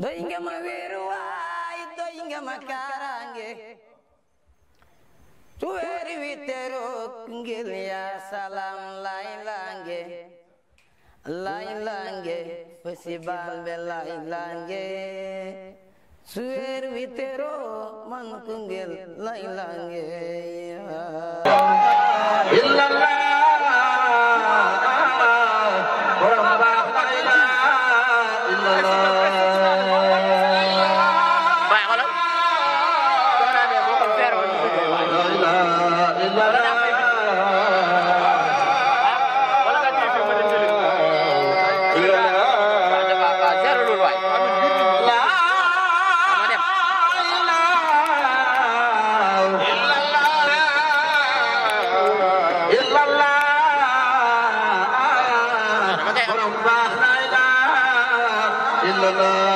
doy nga ma wéeruwaay doy nga ma kaaraange su weeri wi terook ngir yaa salaam lay laange lay laange fa si baal be lay laange su weeri wi man ko ngir la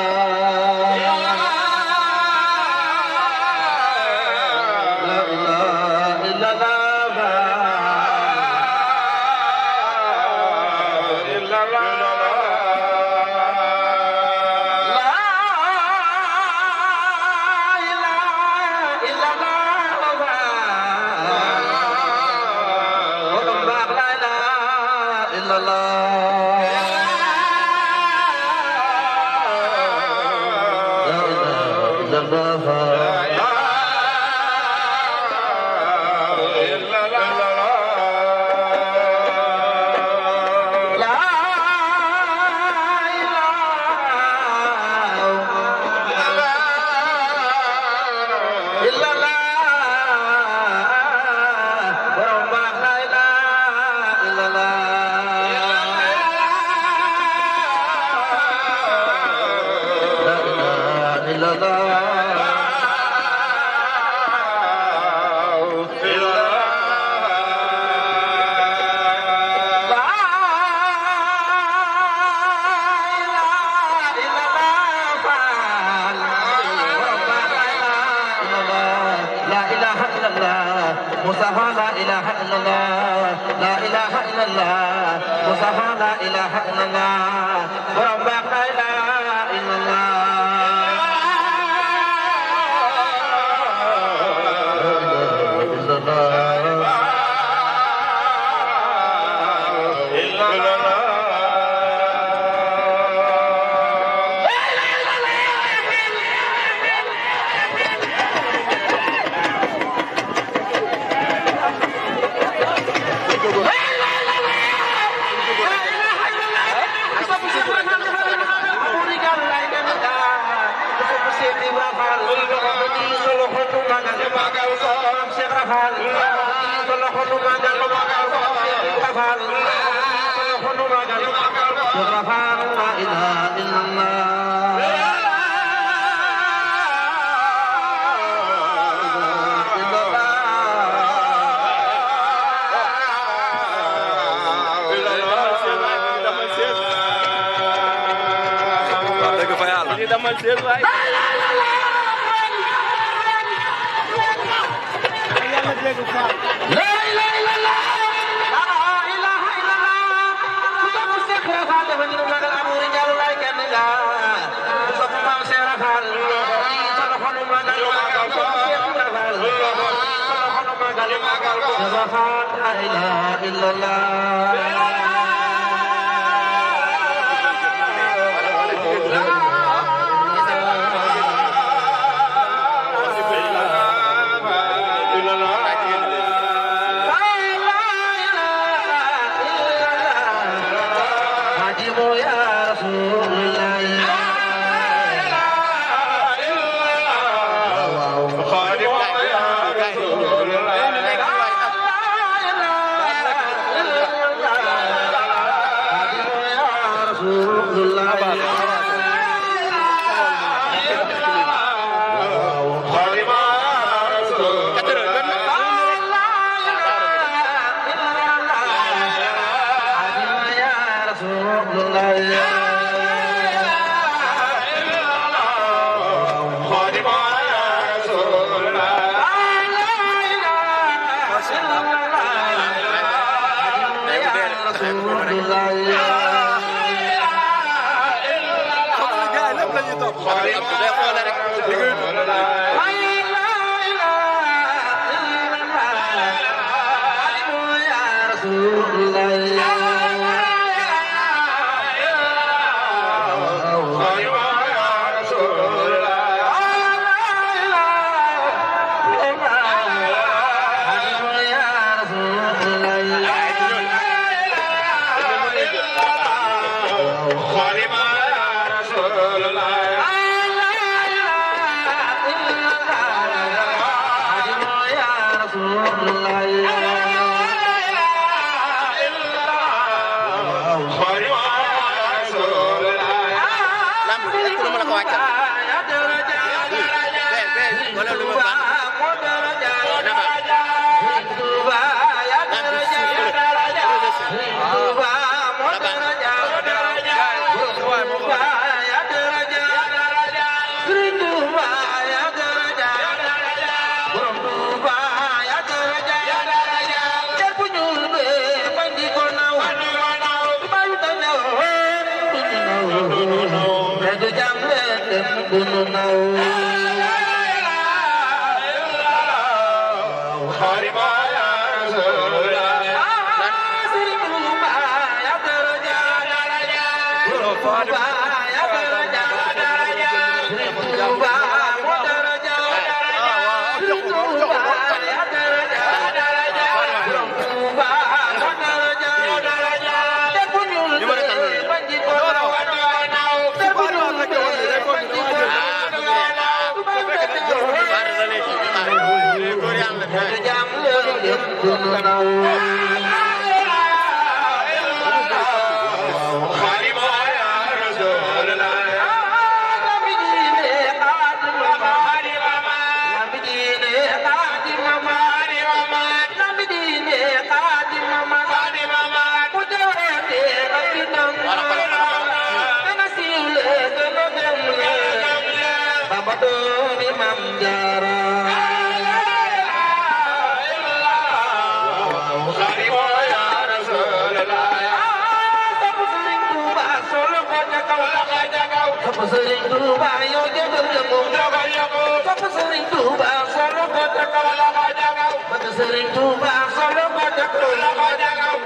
ورفعنا لا إله إلا الله Demal seen waay Yàlla dégg fa جزا خان لا إله إلا الله la la covacha. ven, Kuno Nau. Thank you. topp sëriñ Tuuba yow jëgëm la moom topp sëriñ Tuuba solo ko takkaw bëgg sëriñ Tuuba solo ko takkaw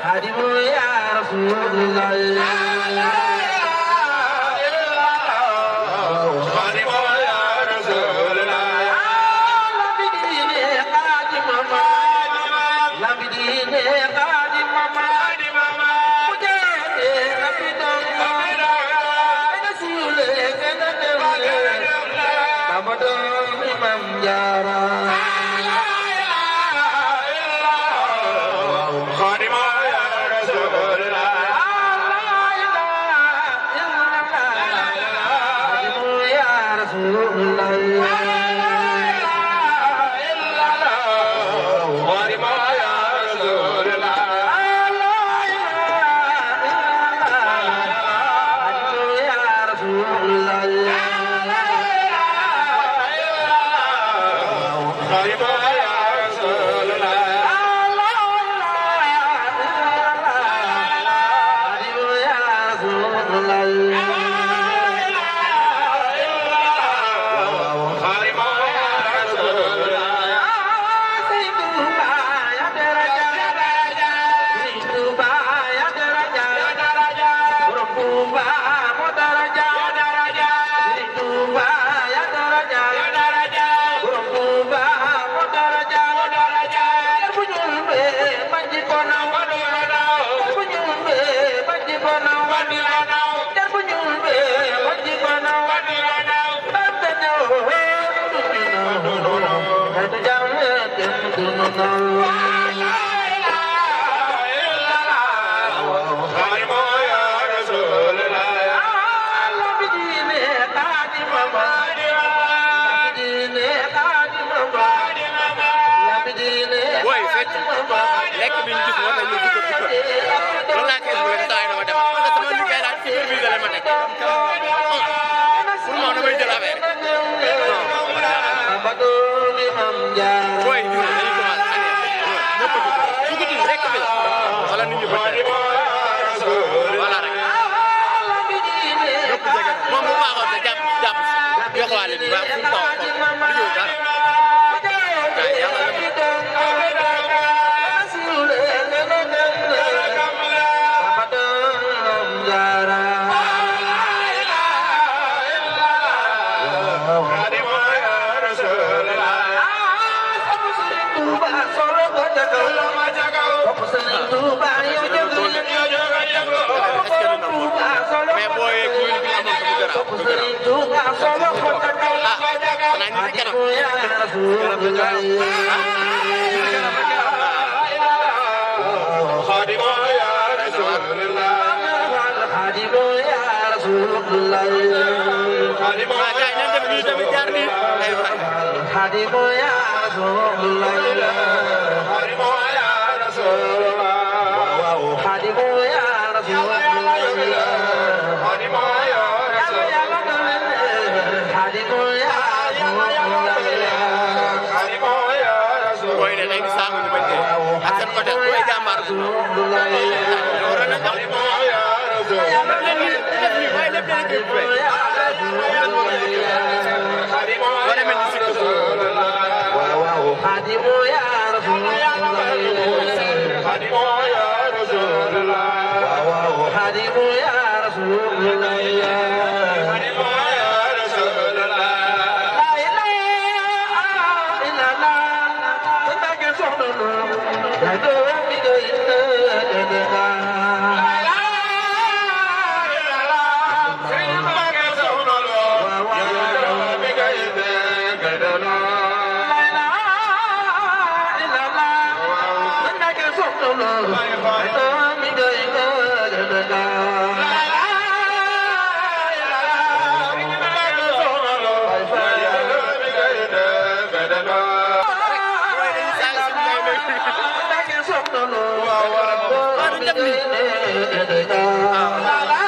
xaadimu yaa rasulallah Allah Allah Allah Boy, you waale bi ba fu taw ko lu ñu dara gaay yàlla la Tuba, Tuba, Tuba, Hadi boy, ya Rasulullah. indi saako ñu bañ dee ak seen côté bu dee jàmbaar bi Hadi ya Rasulullah waaw waaw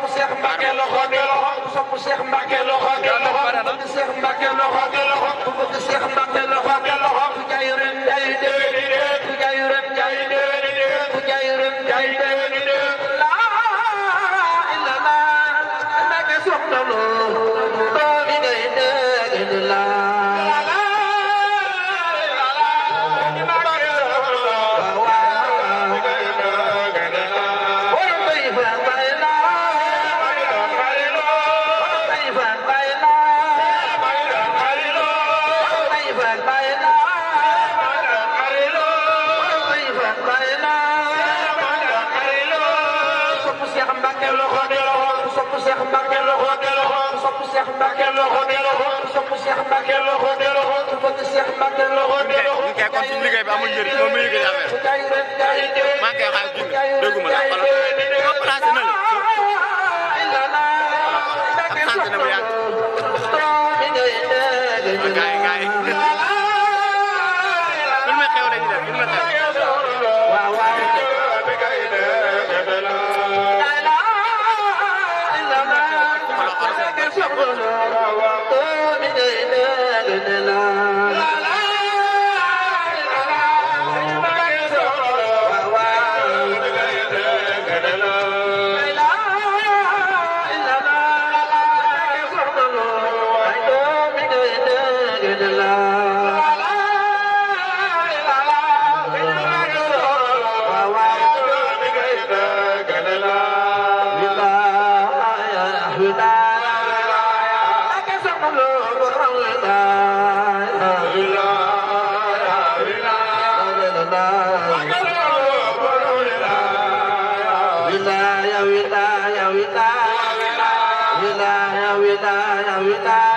sopp Cheikh Mbacke loxo di loxo ku sopp Cheikh Mbacke loxo di loxo ku bëgg Cheikh Mbacke loxo di loxo ku bëgg Cheikh Mbacke loxo di loxo ku jaay ren jaay déwén ku jaay ren jaay déwén ku jaay ren jaay déwén loxo ne loxo ku sopp Cheikh Mbacke loxo ne loxo ku bëgg Cheikh Mbacke loxo ne loxo ñu kay kon suñu liggéey bi amul njëriñ moom mi ngi gën affaire maa ngi koy xaar gindi dégguma la xala placé na la absenté na bu yàgg gaay gaay lu ma xew lañu def lu ma xew วิตาวิตาวิตา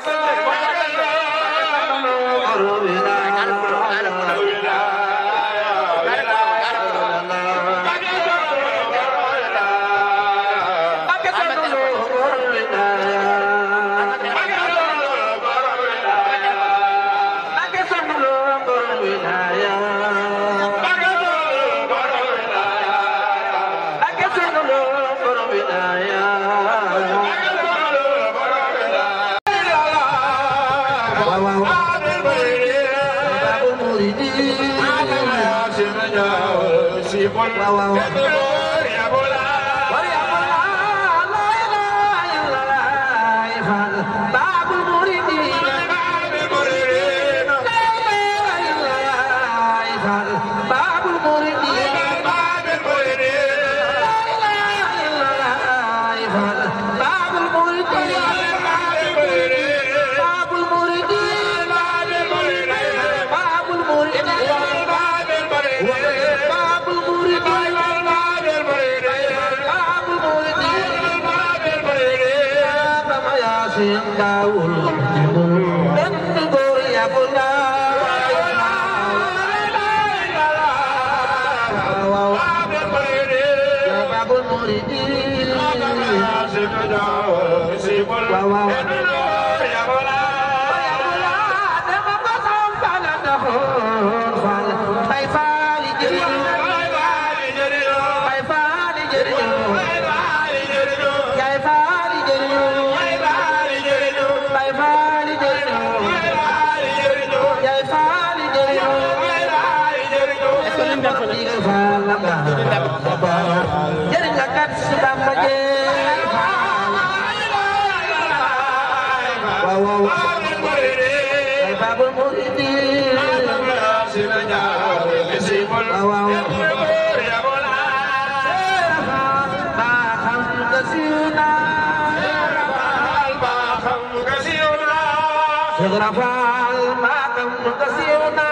Claro, jëriñ la kat si Bamba jee waaw waaw ay baabul muridi waaw waaw baaxam nga siiw naa baaxam nga siiw naa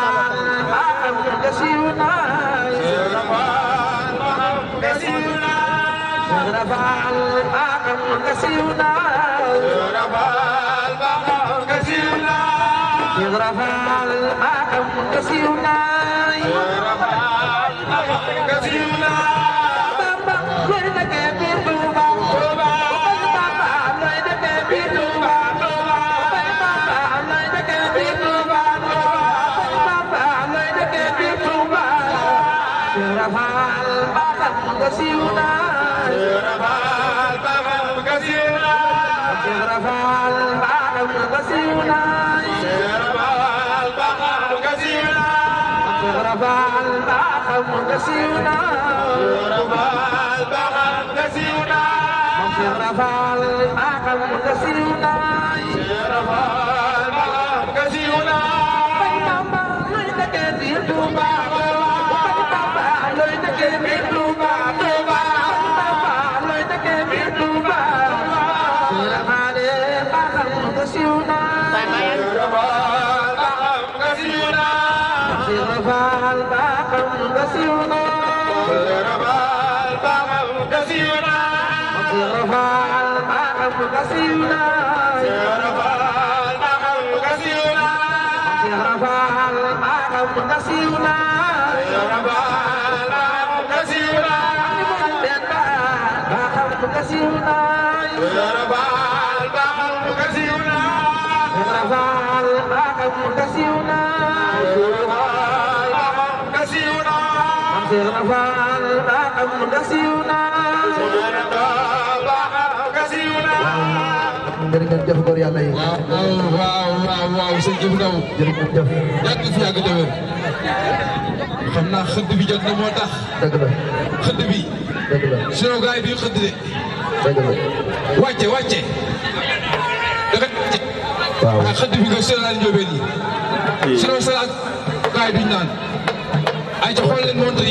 كثيرنا البحر كثيرا سيرفع البحر كثيرا رفع البحر كثيرا رفع البحر كثيرا رفع البحر كثيرا رفع البحر كثيرا بينما ليتك في الدماء وبينما ليتك في الدماء Sirna fal ba am dasiuna jërëjëf jëf góor yàlla yi. waaw waaw waaw waaw sëñ jëf ndaw. jërëjëf jëf. yàgg fi yàgg déwén. xam naa xëdd bi jot na moo tax. dëgg la. xëdd bi. dëgg la sinon gars yi duñu xëdd de. dëgg la. wàcce wàcce. dëgg la. waaw ndax xëdd bi nga sóoraale njóobeen yi. sinon sóoraale gars yi duñu naan. ay ca xool leen montre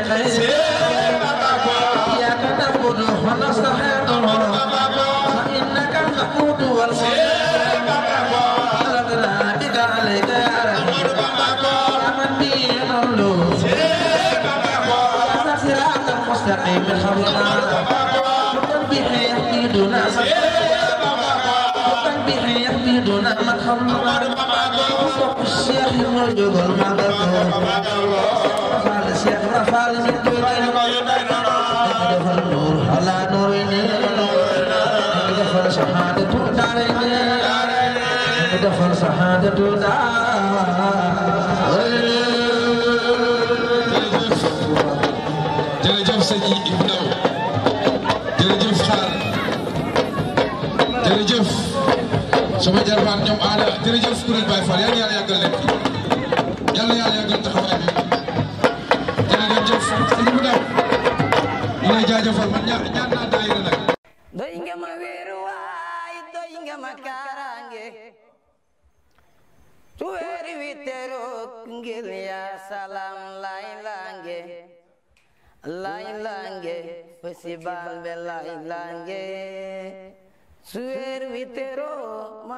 Terima kasih telah menonton! هي يا تي دو sama jarbaat ada aada jërëjëf kuréel Baye Fall yàlla yàlla yàggal leen fi yàlla yàlla yàggal taxawaay bi jërëjëf suñu mu daw ñu lay jaajëfal man ñaan ñaan naa daayira nag doy nga ma wéeru waay doy nga ma kaaraange su weeri wi terook ngir ya salam lay laange lay laange fasi baal be lay laange Suer vitero man